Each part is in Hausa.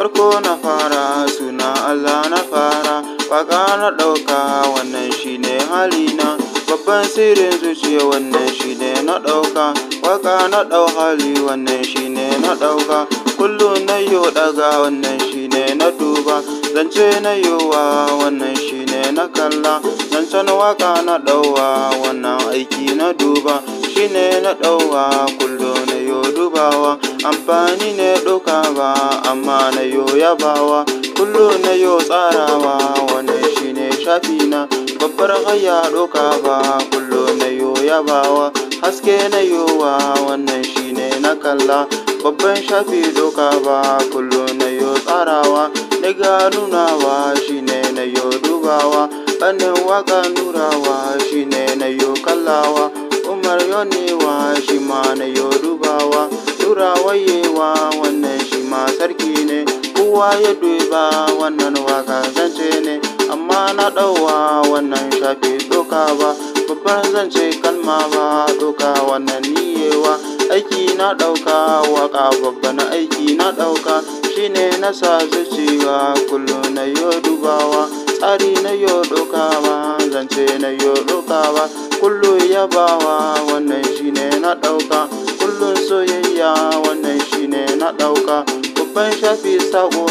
farko na fara suna Allah na fara waƙa na ɗauka wannan shi ne halina babban sirrin zuciya wannan shi ne na ɗauka waƙa na ɗau hali wannan shi ne na ɗauka kullum na yo ɗaga wannan ne na duba zance na yowa wannan shi ne na kalla zancen waka na ɗauwa wannan aiki na duba shi ne na ɗauwa kullum na yo dubawa amfani ne ɗauka ba amma yabawa Kullu na yo tsarawa wannan shine shafi na babbar haya doka ba Kullu na yo yabawa haske na yowa wannan shine na kalla babban shafi doka ba Kullu na yo tsarawa daga nunawa shine na yo dubawa Bannin waka nurawa shine na yo kallawa Umar yonewa shi ma na yo dubawa Turawayewa wannan kowa ya duba wannan waka zance ne amma na ɗauwa wannan shafi doka ba babban zance kalma ba doka wannan niyewa aiki na ɗauka waka babban aiki na ɗauka shine na sa zuciya kullum na yo dubawa tsari na yo ba zance na yo dokawa kullu yabawa wannan shine na ɗauka kullum soyayya wannan shine na ɗauka ban shafi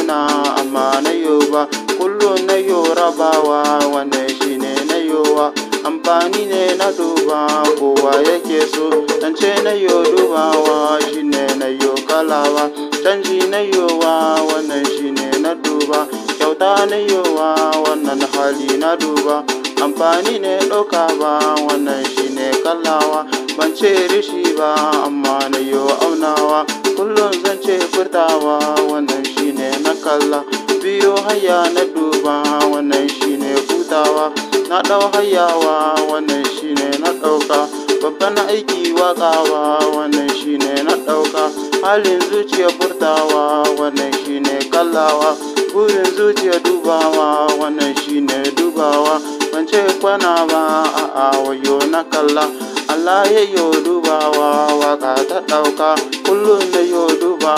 na, amma na yoba kullum na yorabawa wannan shi ne na yowa amfani ne na duba kowa yake so ce na yo dubawa shi ne na yo kalawa canji na yowa wannan shi ne na duba kyauta na yowa wannan hali na duba amfani ne ɗauka ba wannan shi ne kallawa ban ce rishi ba amma na yo aunawa kullum zan ce furtawa wannan shine na kalla biyo haya na duba wannan shine hutawa na dau hayawa wannan shine na ɗauka babban aiki wakawa wannan shine na ɗauka halin zuciya furtawa wannan shine kallawa burin zuciya dubawa wannan shine dubawa ban ce kwana ba a'a wayo na kalla Allah ya yodo dubawa waka ta ɗauka kullum da yau duba